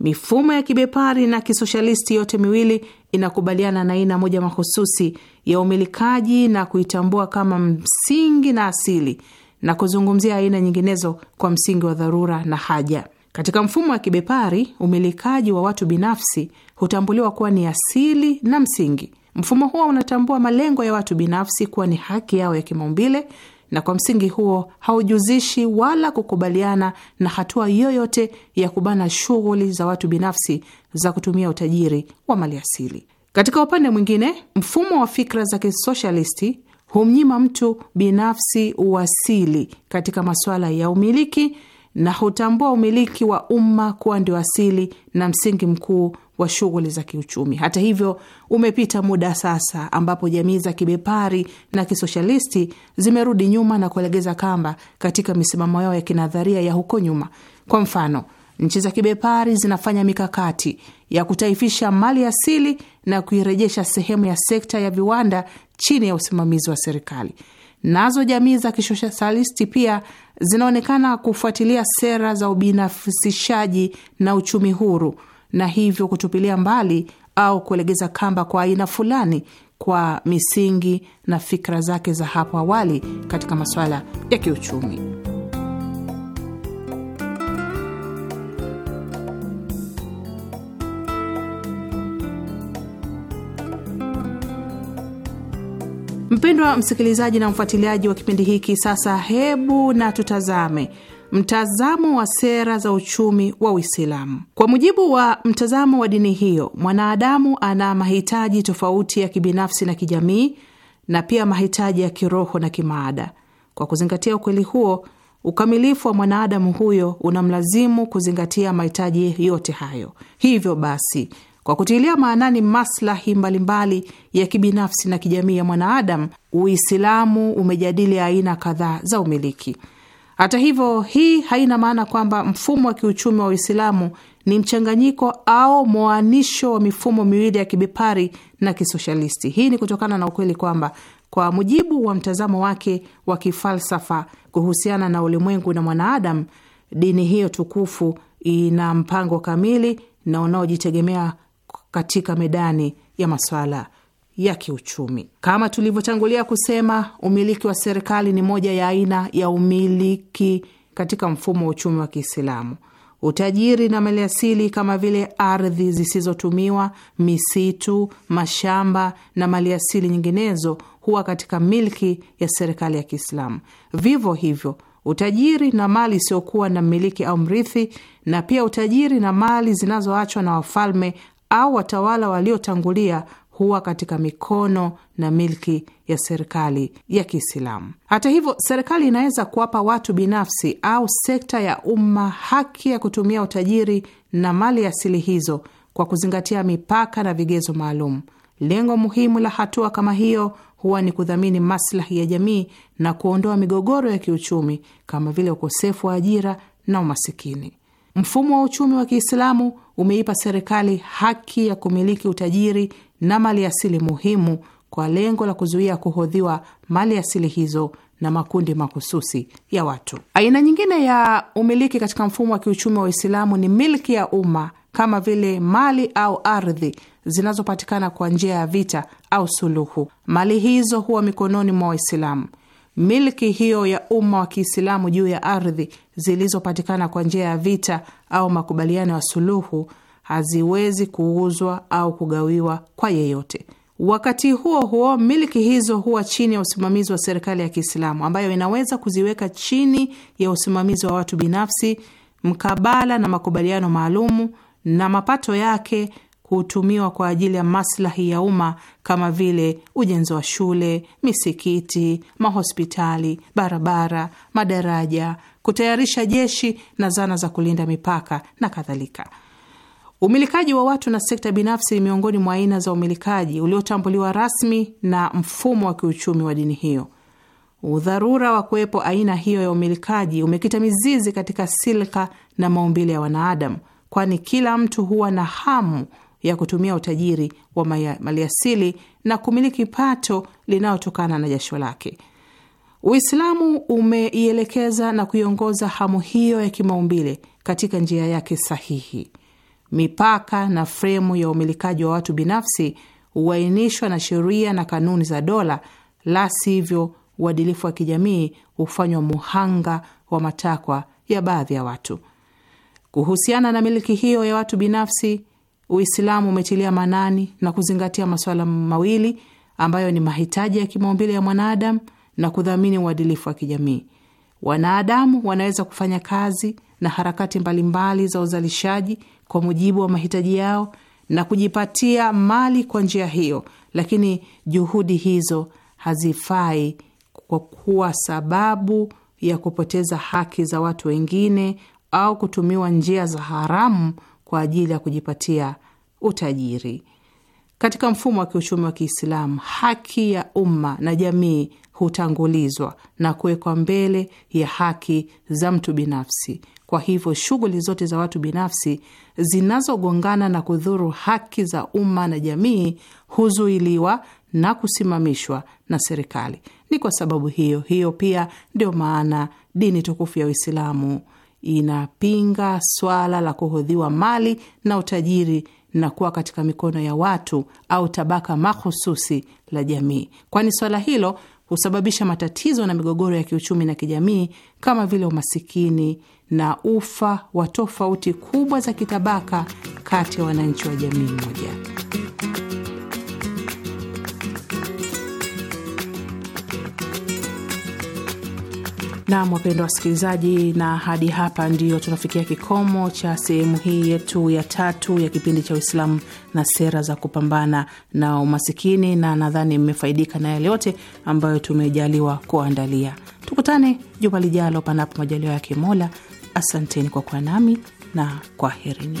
Mifumo ya kibepari na kisoshalisti yote miwili inakubaliana na aina moja mahususi ya umilikaji na kuitambua kama msingi na asili na kuzungumzia aina nyinginezo kwa msingi wa dharura na haja. Katika mfumo wa kibepari, umilikaji wa watu binafsi hutambuliwa kuwa ni asili na msingi. Mfumo huo unatambua malengo ya watu binafsi kuwa ni haki yao ya kimaumbile na kwa msingi huo haujuzishi wala kukubaliana na hatua yoyote ya kubana shughuli za watu binafsi za kutumia utajiri wa maliasili. Katika upande mwingine, mfumo wa fikra za kisoshalisti humnyima mtu binafsi uasili katika masuala ya umiliki na hutambua umiliki wa umma kuwa ndio asili na msingi mkuu wa shughuli za kiuchumi. Hata hivyo, umepita muda sasa ambapo jamii za kibepari na kisoshalisti zimerudi nyuma na kuelegeza kamba katika misimamo yao ya kinadharia ya huko nyuma. Kwa mfano, nchi za kibepari zinafanya mikakati ya kutaifisha mali asili na kuirejesha sehemu ya sekta ya viwanda chini ya usimamizi wa serikali. Nazo jamii za kisoshalisti pia zinaonekana kufuatilia sera za ubinafsishaji na uchumi huru na hivyo kutupilia mbali au kuelegeza kamba kwa aina fulani kwa misingi na fikra zake za hapo awali katika masuala ya kiuchumi. Mpendwa msikilizaji na mfuatiliaji wa kipindi hiki, sasa hebu na tutazame mtazamo wa sera za uchumi wa Uislamu. Kwa mujibu wa mtazamo wa dini hiyo, mwanadamu ana mahitaji tofauti ya kibinafsi na kijamii na pia mahitaji ya kiroho na kimaada. Kwa kuzingatia ukweli huo, ukamilifu wa mwanadamu huyo unamlazimu kuzingatia mahitaji yote hayo. Hivyo basi, kwa kutilia maanani maslahi mbalimbali ya kibinafsi na kijamii ya mwanadamu, Uislamu umejadili aina kadhaa za umiliki. Hata hivyo, hii haina maana kwamba mfumo wa kiuchumi wa Uislamu ni mchanganyiko au mwanisho wa mifumo miwili ya kibepari na kisoshalisti. Hii ni kutokana na ukweli kwamba kwa mujibu wa mtazamo wake wa kifalsafa kuhusiana na ulimwengu na mwanaadamu, dini hiyo tukufu ina mpango kamili na unaojitegemea katika medani ya maswala ya kiuchumi. Kama tulivyotangulia kusema, umiliki wa serikali ni moja ya aina ya umiliki katika mfumo wa uchumi wa Kiislamu. Utajiri na maliasili kama vile ardhi zisizotumiwa, misitu, mashamba na maliasili nyinginezo huwa katika milki ya serikali ya Kiislamu. Vivyo hivyo utajiri na mali isiyokuwa na mmiliki au mrithi, na pia utajiri na mali zinazoachwa na wafalme au watawala waliotangulia huwa katika mikono na milki ya serikali ya Kiislamu. Hata hivyo, serikali inaweza kuwapa watu binafsi au sekta ya umma haki ya kutumia utajiri na mali asili hizo kwa kuzingatia mipaka na vigezo maalum. Lengo muhimu la hatua kama hiyo huwa ni kudhamini maslahi ya jamii na kuondoa migogoro ya kiuchumi kama vile ukosefu wa ajira na umasikini. Mfumo wa uchumi wa Kiislamu umeipa serikali haki ya kumiliki utajiri na mali asili muhimu kwa lengo la kuzuia kuhodhiwa mali asili hizo na makundi mahususi ya watu. Aina nyingine ya umiliki katika mfumo wa kiuchumi wa Uislamu ni milki ya umma kama vile mali au ardhi zinazopatikana kwa njia ya vita au suluhu. Mali hizo huwa mikononi mwa Waislamu milki hiyo ya umma wa Kiislamu juu ya ardhi zilizopatikana kwa njia ya vita au makubaliano ya suluhu haziwezi kuuzwa au kugawiwa kwa yeyote. Wakati huo huo, milki hizo huwa chini ya usimamizi wa serikali ya Kiislamu ambayo inaweza kuziweka chini ya usimamizi wa watu binafsi mkabala na makubaliano maalumu na mapato yake hutumiwa kwa ajili ya maslahi ya umma kama vile ujenzi wa shule, misikiti, mahospitali, barabara, madaraja, kutayarisha jeshi na zana za kulinda mipaka na kadhalika. Umilikaji wa watu na sekta binafsi ni miongoni mwa aina za umilikaji uliotambuliwa rasmi na mfumo wa kiuchumi wa dini hiyo. Udharura wa kuwepo aina hiyo ya umilikaji umekita mizizi katika silka na maumbile ya wanaadamu, kwani kila mtu huwa na hamu ya kutumia utajiri wa maliasili na kumiliki pato linalotokana na jasho lake. Uislamu umeielekeza na kuiongoza hamu hiyo ya kimaumbile katika njia yake sahihi. Mipaka na fremu ya umilikaji wa watu binafsi huainishwa na sheria na kanuni za dola, la sivyo uadilifu wa kijamii hufanywa muhanga wa matakwa ya baadhi ya watu. Kuhusiana na miliki hiyo ya watu binafsi, Uislamu umetilia manani na kuzingatia masuala mawili ambayo ni mahitaji ya kimaumbile ya mwanadamu na kudhamini uadilifu wa kijamii. Wanadamu wanaweza kufanya kazi na harakati mbalimbali za uzalishaji kwa mujibu wa mahitaji yao na kujipatia mali kwa njia hiyo, lakini juhudi hizo hazifai kwa kuwa sababu ya kupoteza haki za watu wengine au kutumiwa njia za haramu kwa ajili ya kujipatia utajiri. Katika mfumo wa kiuchumi wa Kiislamu, haki ya umma na jamii hutangulizwa na kuwekwa mbele ya haki za mtu binafsi. Kwa hivyo, shughuli zote za watu binafsi zinazogongana na kudhuru haki za umma na jamii huzuiliwa na kusimamishwa na serikali. Ni kwa sababu hiyo hiyo pia ndio maana dini tukufu ya Uislamu inapinga swala la kuhodhiwa mali na utajiri na kuwa katika mikono ya watu au tabaka mahususi la jamii, kwani swala hilo husababisha matatizo na migogoro ya kiuchumi na kijamii kama vile umasikini na ufa wa tofauti kubwa za kitabaka kati ya wananchi wa jamii moja. Nam, wapendwa wasikilizaji, na hadi hapa ndiyo tunafikia kikomo cha sehemu hii yetu ya tatu ya kipindi cha Uislamu na sera za kupambana na umasikini, na nadhani mmefaidika na yale yote ambayo tumejaliwa kuandalia. Tukutane juma lijalo, panapo majaliwa yake Mola. Asanteni kwa kuwa nami na kwaherini.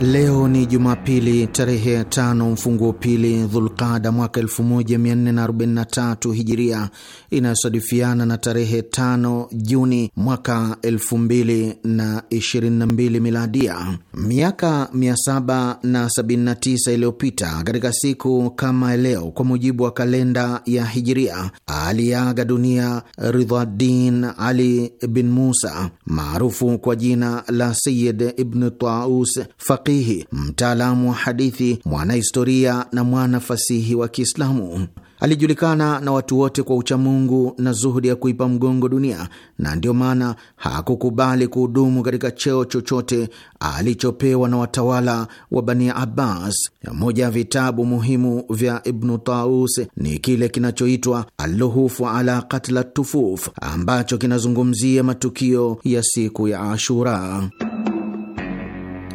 Leo ni Jumapili tarehe tano mfunguo pili Dhulqada mwaka 1443 Hijiria, inayosadifiana na tarehe tano Juni mwaka 2022 Miladia. Miaka 779 iliyopita katika siku kama leo, kwa mujibu wa kalenda ya Hijiria, aliaga dunia ridhadin Ali bin Musa maarufu kwa jina la Sayid Ibn Taus faqihi, mtaalamu wa hadithi, mwanahistoria na mwana fasihi wa Kiislamu. Alijulikana na watu wote kwa uchamungu na zuhudi ya kuipa mgongo dunia, na ndiyo maana hakukubali kuhudumu katika cheo chochote alichopewa na watawala wa Bani Abbas. Moja ya vitabu muhimu vya Ibnu Taus ni kile kinachoitwa Alluhufu ala Katla Tufuf, ambacho kinazungumzia matukio ya siku ya Ashura.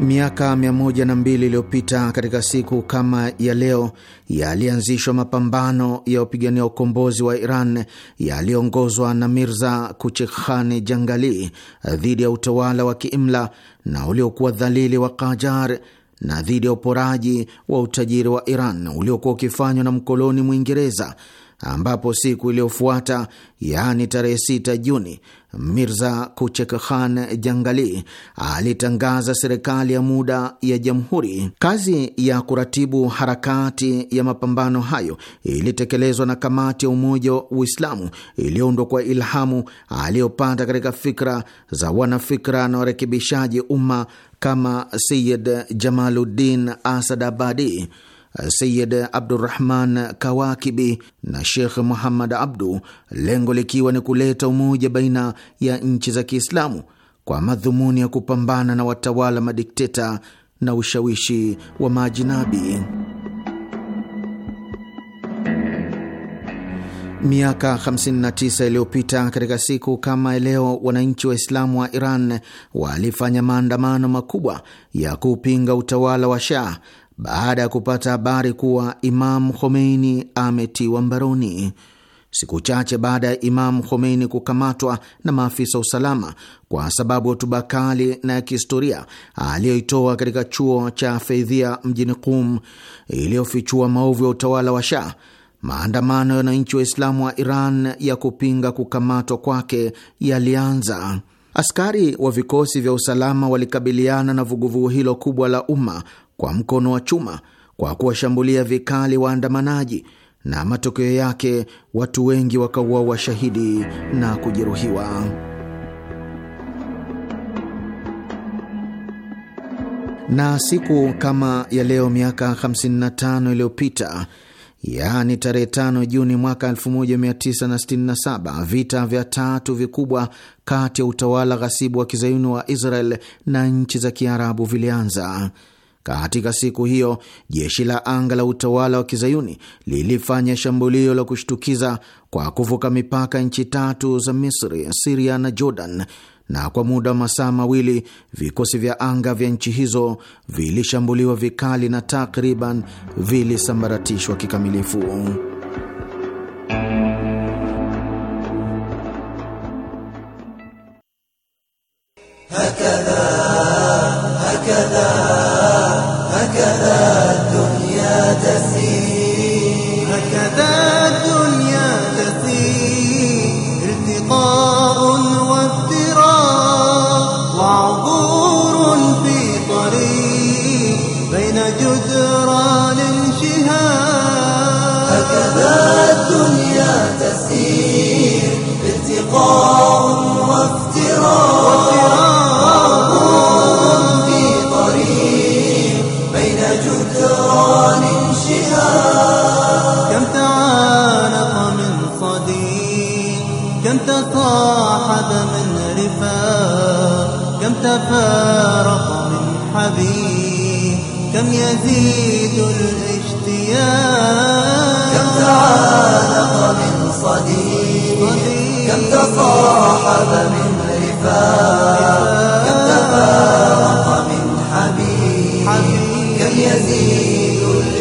Miaka mia iliyopita katika siku kama ya leo yalianzishwa mapambano ya wapigania ukombozi wa Iran yaliyoongozwa na Mirza Kuchikhani Jangali dhidi ya utawala wa kiimla na uliokuwa dhalili wa Kajar na dhidi ya uporaji wa utajiri wa Iran uliokuwa ukifanywa na mkoloni Mwingereza ambapo siku iliyofuata yaani tarehe 6 Juni, Mirza Kuchek Khan Jangali alitangaza serikali ya muda ya jamhuri. Kazi ya kuratibu harakati ya mapambano hayo ilitekelezwa na kamati ya Umoja wa Uislamu iliyoundwa kwa ilhamu aliyopata katika fikra za wanafikra na warekebishaji umma kama Sayid Jamaluddin Asadabadi. Sayid Abdurahman Kawakibi na Shekh Muhammad Abdu, lengo likiwa ni kuleta umoja baina ya nchi za Kiislamu kwa madhumuni ya kupambana na watawala madikteta na ushawishi wa majinabi Miaka 59 iliyopita katika siku kama leo, wananchi Waislamu wa Iran walifanya maandamano makubwa ya kupinga utawala wa Shah baada ya kupata habari kuwa Imam Khomeini ametiwa mbaroni. Siku chache baada ya Imam Khomeini kukamatwa na maafisa wa usalama kwa sababu ya hotuba kali na ya kihistoria aliyoitoa katika chuo cha Feidhia mjini Qum, iliyofichua maovu ya utawala wa Shah, maandamano ya wananchi Waislamu wa Iran ya kupinga kukamatwa kwake yalianza. Askari wa vikosi vya usalama walikabiliana na vuguvugu hilo kubwa la umma kwa mkono wa chuma kwa kuwashambulia vikali waandamanaji, na matokeo yake watu wengi wakauawa washahidi na kujeruhiwa. Na siku kama ya leo miaka 55 iliyopita yaani tarehe 5 Juni mwaka 1967 vita vya tatu vikubwa kati ya utawala ghasibu wa kizayuni wa Israel na nchi za kiarabu vilianza. Katika siku hiyo jeshi la anga la utawala wa kizayuni lilifanya shambulio la kushtukiza kwa kuvuka mipaka nchi tatu za Misri, Siria na Jordan, na kwa muda wa masaa mawili vikosi vya anga vya nchi hizo vilishambuliwa vikali na takriban vilisambaratishwa kikamilifu. كذا الدنيا تسير تفارق من حبيب كم يزيد الاشتياق كم تعالق من صديق كم تصاحب من رفاق كم تفارق من حبيب كم يزيد الاشتياق